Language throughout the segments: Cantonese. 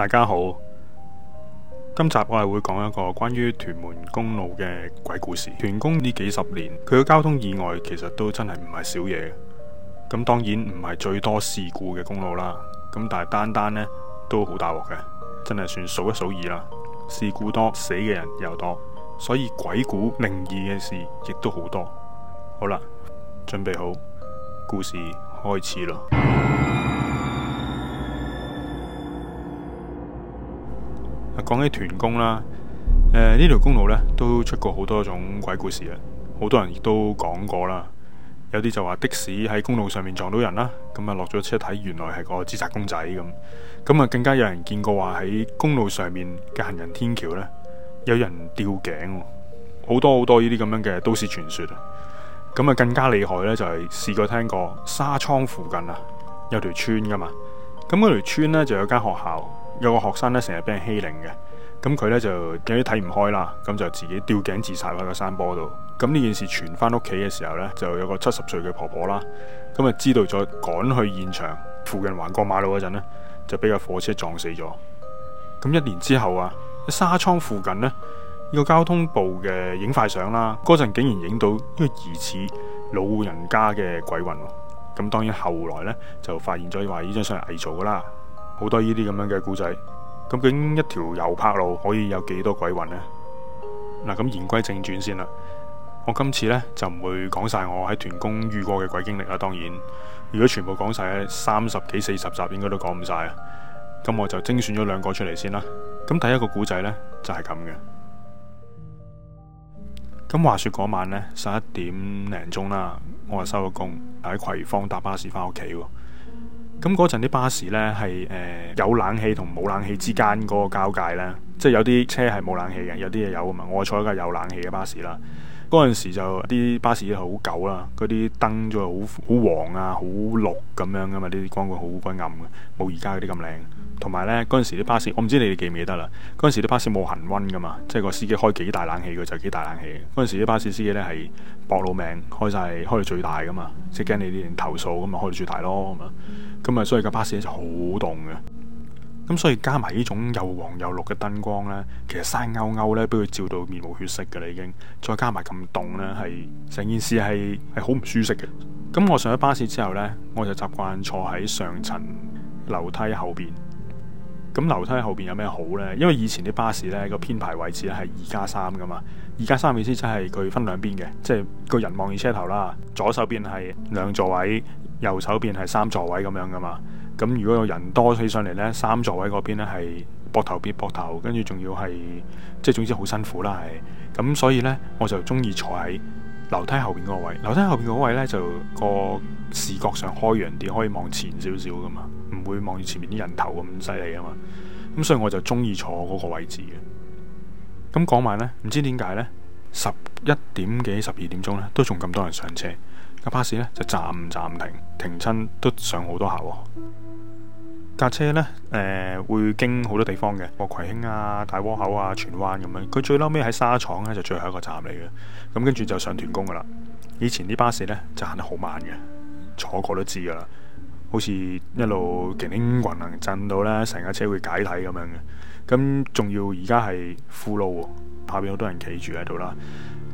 大家好，今集我哋會講一個關於屯門公路嘅鬼故事。屯公呢幾十年，佢嘅交通意外其實都真係唔係少嘢。咁當然唔係最多事故嘅公路啦，咁但係單單呢都好大鑊嘅，真係算數一數二啦。事故多，死嘅人又多，所以鬼故靈異嘅事亦都好多。好啦，準備好，故事開始啦。講起屯公啦，誒、呃、呢條公路呢都出過好多種鬼故事啊，好多人亦都講過啦，有啲就話的士喺公路上面撞到人啦，咁啊落咗車睇，原來係個自殺公仔咁，咁啊更加有人見過話喺公路上面嘅行人天橋呢，有人吊頸，好多好多呢啲咁樣嘅都市傳說啊，咁啊更加厲害呢，就係、是、試過聽過沙窗附近啊有條村噶嘛，咁嗰條村呢，就有間學校。有個學生咧，成日俾人欺凌嘅，咁佢咧就有啲睇唔開啦，咁就自己吊頸自殺喺個山坡度。咁呢件事傳翻屋企嘅時候咧，就有個七十歲嘅婆婆啦，咁啊知道咗趕去現場附近橫過馬路嗰陣咧，就俾架火車撞死咗。咁一年之後啊，喺沙倉附近呢，呢個交通部嘅影快相啦，嗰陣竟然影到一個疑似老人家嘅鬼魂。咁當然後來咧就發現咗話呢張相係偽造噶啦。好多呢啲咁樣嘅古仔，究竟一條油柏路可以有幾多鬼魂呢？嗱，咁言歸正傳先啦。我今次呢，就唔會講晒我喺屯公遇過嘅鬼經歷啦。當然，如果全部講晒三十幾四十集應該都講唔晒啊。咁我就精選咗兩個出嚟先啦。咁第一個古仔呢，就係咁嘅。咁話說嗰晚呢，十一點零鐘啦，我就收咗工，喺葵芳搭巴士返屋企喎。咁嗰陣啲巴士呢，係誒、呃、有冷氣同冇冷氣之間嗰個交界呢，即係有啲車係冇冷氣嘅，有啲嘢有啊嘛，我坐一架有冷氣嘅巴士啦。嗰陣時就啲巴士係好舊啦，嗰啲燈都好好黃啊，好綠咁樣噶嘛，呢啲光好鬼暗嘅，冇而家嗰啲咁靚。同埋呢，嗰陣時啲巴士，我唔知你哋記唔記得啦。嗰陣時啲巴士冇恒溫噶嘛，即係個司機開幾大冷氣，佢就幾大冷氣。嗰陣時啲巴士司機呢係搏老命開晒，開到最大噶嘛，即係驚你啲人投訴，咁咪開到最大咯，咁啊所以架巴士就好凍嘅。咁所以加埋呢種又黃又綠嘅燈光呢，其實生勾勾呢，俾佢照到面無血色噶啦已經。再加埋咁凍呢，係成件事係係好唔舒適嘅。咁我上咗巴士之後呢，我就習慣坐喺上層樓梯後邊。咁樓梯後邊有咩好呢？因為以前啲巴士呢個編排位置咧係二加三噶嘛，二加三意思即係佢分兩邊嘅，即係個人望住車頭啦，左手邊係兩座位，右手邊係三座位咁樣噶嘛。咁如果有人多起上嚟呢，三座位嗰邊呢，係膊頭必膊頭，跟住仲要係即係總之好辛苦啦。係咁，所以呢，我就中意坐喺樓梯後邊嗰個位。樓梯後邊嗰個位呢，就個視覺上開揚啲，可以望前少少噶嘛，唔會望住前面啲人頭咁犀利啊嘛。咁所以我就中意坐嗰個位置嘅。咁講埋呢，唔知點解呢，十一點幾、十二點鐘呢，都仲咁多人上車。架巴士呢，就站站停停親都上好多下喎、啊。架車咧，誒、呃，會經好多地方嘅，莫葵興啊、大窩口啊、荃灣咁樣。佢最嬲尾喺沙廠咧，就最後一個站嚟嘅。咁跟住就上屯公噶啦。以前啲巴士咧就行得好慢嘅，坐過都知噶啦。好似一路勁勁匀能震到咧，成架車會解體咁樣嘅。咁仲要而家係酷路下邊好多人企住喺度啦。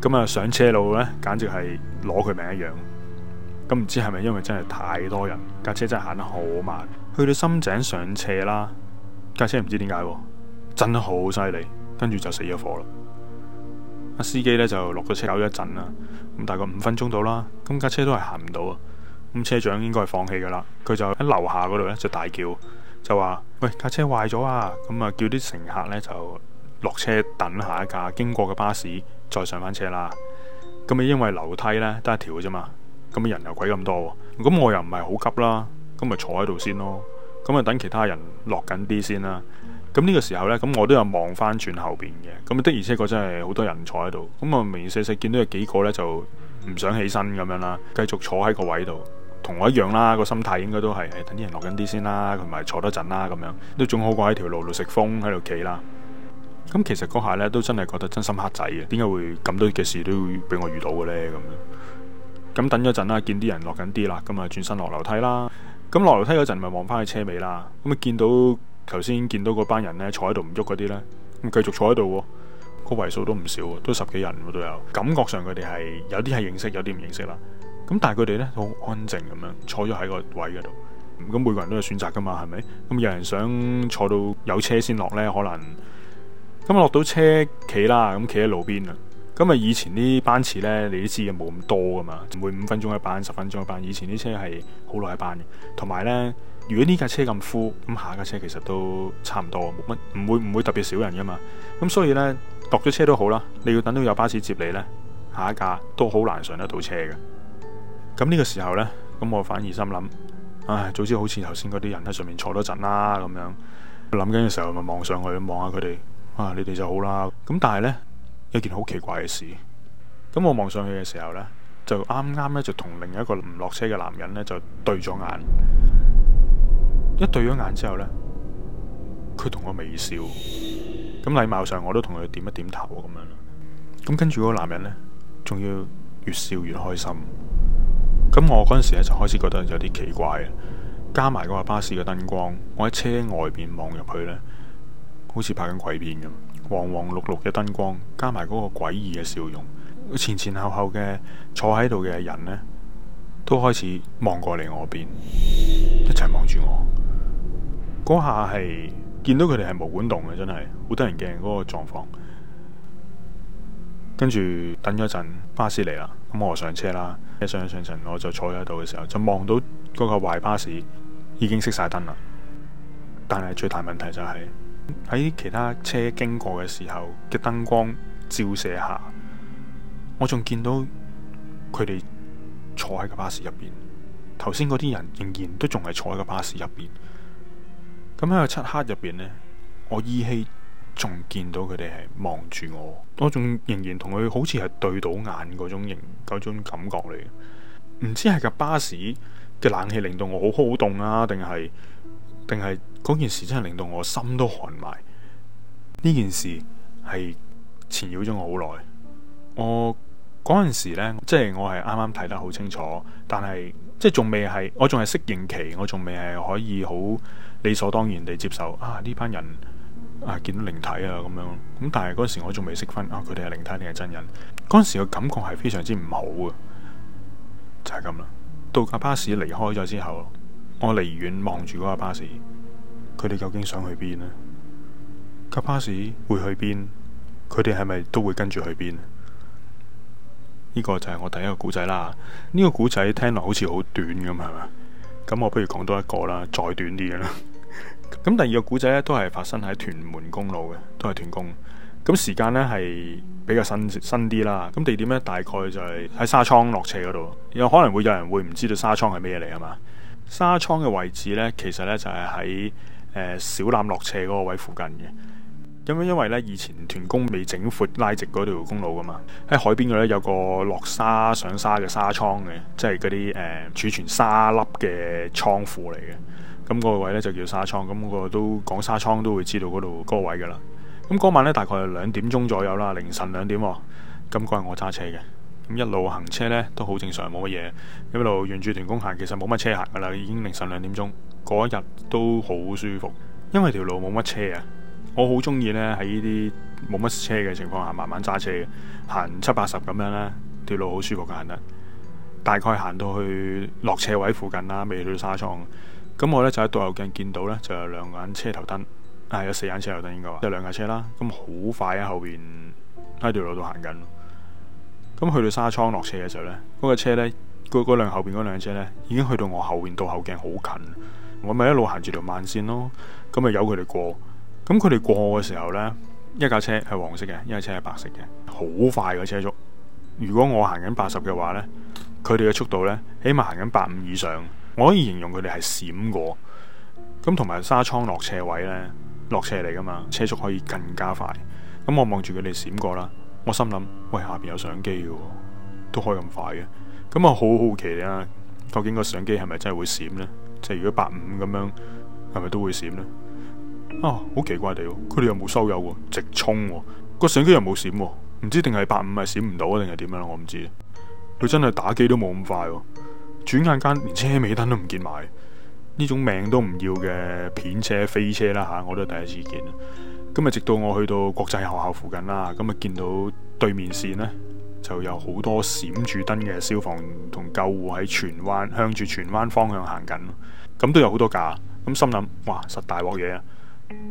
咁啊上車路咧簡直係攞佢命一樣。咁唔知係咪因為真係太多人，架車真係行得好慢？去到深井上斜啦，架車唔知點解喎，真好犀利，跟住就死咗火啦。司機咧就落咗車搞咗一陣啦，咁、嗯、大概五分鐘到啦，咁架車都係行唔到，啊。咁車長應該係放棄噶啦，佢就喺樓下嗰度咧就大叫，就話喂，架車壞咗啊，咁啊叫啲乘客咧就落車等下一架經過嘅巴士再上翻車啦。咁啊因為樓梯咧得一條嘅啫嘛，咁啊人又鬼咁多，咁我又唔係好急啦。咁咪坐喺度先咯，咁啊等其他人落緊啲先啦、啊。咁呢個時候呢，咁我都有望翻轉後邊嘅，咁的而且確真係好多人坐喺度。咁啊，明細細見到有幾個呢，就唔想起身咁樣啦，繼續坐喺個位度，同我一樣啦。個心態應該都係、欸、等啲人落緊啲先啦、啊，同埋坐得陣啦咁樣，都仲好過喺條路度食風喺度企啦。咁、啊、其實嗰下呢，都真係覺得真心黑仔嘅，點解會咁多嘅事都會俾我遇到嘅呢？咁樣咁等咗陣啦，見啲人落緊啲啦，咁啊轉身落樓梯啦。咁落樓梯嗰陣，咪望翻去車尾啦。咁啊，見到頭先見到嗰班人咧，坐喺度唔喐嗰啲咧，咁繼續坐喺度。個位數都唔少，都十幾人都有。感覺上佢哋係有啲係認識，有啲唔認識啦。咁但係佢哋咧好安靜咁樣坐咗喺個位嗰度。咁每個人都有選擇噶嘛，係咪？咁有人想坐到有車先落咧，可能咁落到車企啦，咁企喺路邊啊。咁啊！以前啲班次呢，你都知嘅冇咁多噶嘛，每五分鐘一班，十分鐘一班。以前啲車係好耐一班嘅。同埋呢，如果呢架車咁敷，咁下架車其實都差唔多，冇乜，唔會唔會特別少人噶嘛。咁所以呢，落咗車都好啦，你要等到有巴士接你呢，下一架都好難上得到車嘅。咁呢個時候呢，咁我反而心諗，唉，早知好似頭先嗰啲人喺上面坐多陣啦咁樣。諗緊嘅時候，咪望上去望下佢哋，啊，你哋就好啦。咁但係呢。一件好奇怪嘅事，咁我望上去嘅時候呢，就啱啱呢，就同另一個唔落車嘅男人呢，就對咗眼，一對咗眼之後呢，佢同我微笑，咁禮貌上我都同佢點一點頭咁樣啦。咁跟住個男人呢，仲要越笑越開心。咁我嗰陣時呢就開始覺得有啲奇怪，加埋個巴士嘅燈光，我喺車外邊望入去呢，好似拍緊鬼片咁。黃黃綠綠嘅燈光，加埋嗰個詭異嘅笑容，前前後後嘅坐喺度嘅人呢，都開始望過嚟我邊，一齊望住我。嗰下係見到佢哋係毛管戙嘅，真係好得人驚嗰個狀況。跟住等咗陣巴士嚟啦，咁我上車啦，一上一上上層我就坐喺度嘅時候，就望到嗰個壞巴士已經熄晒燈啦。但係最大問題就係。喺其他車經過嘅時候嘅燈光照射下，我仲見到佢哋坐喺個巴士入邊。頭先嗰啲人仍然都仲係坐喺個巴士入邊。咁喺個漆黑入邊呢，我依稀仲見到佢哋係望住我。我仲仍然同佢好似係對到眼嗰種型嗰種感覺嚟。唔知係個巴士嘅冷氣令到我好好凍啊，定係？定係嗰件事真係令到我心都寒埋。呢件事係纏繞咗我好耐。我嗰陣時呢，即係我係啱啱睇得好清楚，但係即係仲未係，我仲係適應期，我仲未係可以好理所當然地接受啊呢班人啊見到靈體啊咁樣。咁但係嗰時我仲未識分啊，佢哋係靈體定係真人？嗰時嘅感覺係非常之唔好啊，就係咁啦。到阿巴士離開咗之後。我離遠望住嗰個巴士，佢哋究竟想去邊呢？個巴士會去邊？佢哋係咪都會跟住去邊？呢個就係我第一個古仔啦。呢個古仔聽落好似好短咁，係嘛？咁我不如講多一個啦，再短啲嘅啦。咁 第二個古仔咧，都係發生喺屯門公路嘅，都係屯公。咁時間呢係比較新新啲啦。咁地點呢，大概就係喺沙倉落斜嗰度。有可能會有人會唔知道沙倉係咩嘢嚟啊嘛？沙倉嘅位置呢，其實呢就係喺誒小欖落斜嗰個位附近嘅。咁樣因為呢，以前屯公未整闊拉直嗰條公路噶嘛，喺海邊度呢，有個落沙上沙嘅沙倉嘅，即係嗰啲誒儲存沙粒嘅倉庫嚟嘅。咁、那、嗰個位呢，就叫沙倉，咁、那個都講沙倉都會知道嗰度嗰個位噶啦。咁、那、嗰、個、晚呢，大概係兩點鐘左右啦，凌晨兩點、哦。咁、那個日我揸車嘅。咁一路行車呢都好正常，冇乜嘢。一路沿住屯門行，其實冇乜車行噶啦，已經凌晨兩點鐘。嗰一日都好舒服，因為條路冇乜車啊。我好中意呢，喺呢啲冇乜車嘅情況下慢慢揸車，行七八十咁樣啦，條路好舒服的行得。大概行到去落車位附近啦，未去到沙崙。咁我呢，就喺倒後鏡見到呢，就有兩眼車頭燈，啊有四眼車頭燈應該，即係兩架車啦。咁好快喺、啊、後邊喺條路度行緊。咁去到沙倉落車嘅時候、嗰個、呢，嗰、嗰個嗰個、個車呢，嗰嗰輛後邊嗰輛車呢，已經去到我後面倒後鏡好近，我咪一路行住條慢線咯。咁咪由佢哋過。咁佢哋過嘅時候呢，一架車係黃色嘅，一架車係白色嘅，好快嘅車速。如果我行緊八十嘅話呢，佢哋嘅速度呢，起碼行緊百五以上。我可以形容佢哋係閃過。咁同埋沙倉落車位呢，落車嚟㗎嘛，車速可以更加快。咁我望住佢哋閃過啦。我心諗，喂，下邊有相機嘅，都開咁快嘅，咁啊好好奇啦，究竟個相機係咪真係會閃呢？即係如果八五咁樣，係咪都會閃呢？啊，好奇怪哋，佢哋又冇收油喎，直衝喎，個相機又冇閃，唔知定係八五係閃唔到啊，定係點樣？我唔知，佢真係打機都冇咁快，轉眼間連車尾燈都唔見埋，呢種命都唔要嘅片車飛車啦吓，我都係第一次見。今日直到我去到國際學校附近啦，咁啊見到對面線呢，就有好多閃住燈嘅消防同救護喺荃灣向住荃灣方向行緊，咁都有好多架，咁心諗哇實大鑊嘢啊！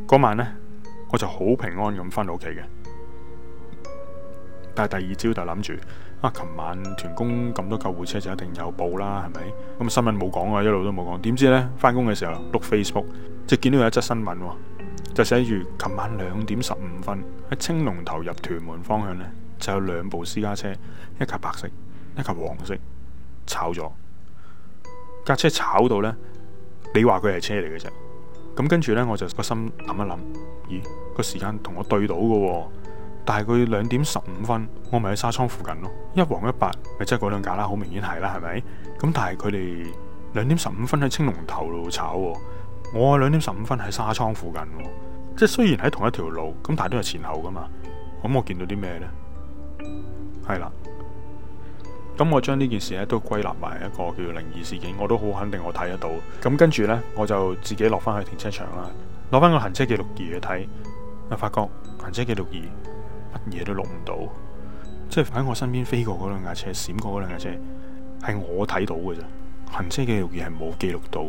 嗰、那個、晚呢，我就好平安咁翻到屋企嘅，但係第二朝就諗住啊，琴晚團工咁多救護車就一定有報啦，係咪？咁新聞冇講啊，一路都冇講，點知呢，翻工嘅時候碌 Facebook，即見到有一則新聞喎。就寫住，琴晚兩點十五分喺青龍頭入屯門方向呢，就有兩部私家車，一架白色，一架黃色，炒咗架車炒到呢，你話佢係車嚟嘅啫。咁跟住呢，我就個心諗一諗，咦，個時間同我對到嘅喎，哦，但係佢兩點十五分，我咪喺沙倉附近咯，一黃一白，咪即係嗰兩架啦，好明顯係啦，係咪？咁但係佢哋兩點十五分喺青龍頭度炒喎。我係兩點十五分喺沙倉附近，即係雖然喺同一條路，咁但係都係前後噶嘛。咁我見到啲咩呢？係啦，咁我將呢件事咧都歸納埋一個叫靈異事件，我都好肯定我睇得到。咁跟住呢，我就自己落翻去停車場啦，攞翻個行車記錄儀去睇，啊發覺行車記錄儀乜嘢都錄唔到，即係喺我身邊飛過嗰兩架車，閃過嗰兩架車係我睇到嘅啫，行車記錄儀係冇記錄到。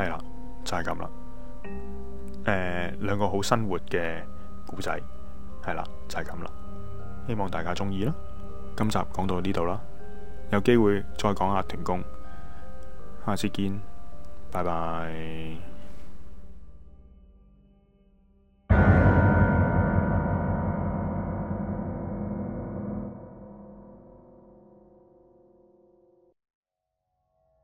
係啦，就係咁啦。誒、呃，兩個好生活嘅古仔，係啦，就係咁啦。希望大家中意啦。今集講到呢度啦，有機會再講下屯公。下次見，拜拜。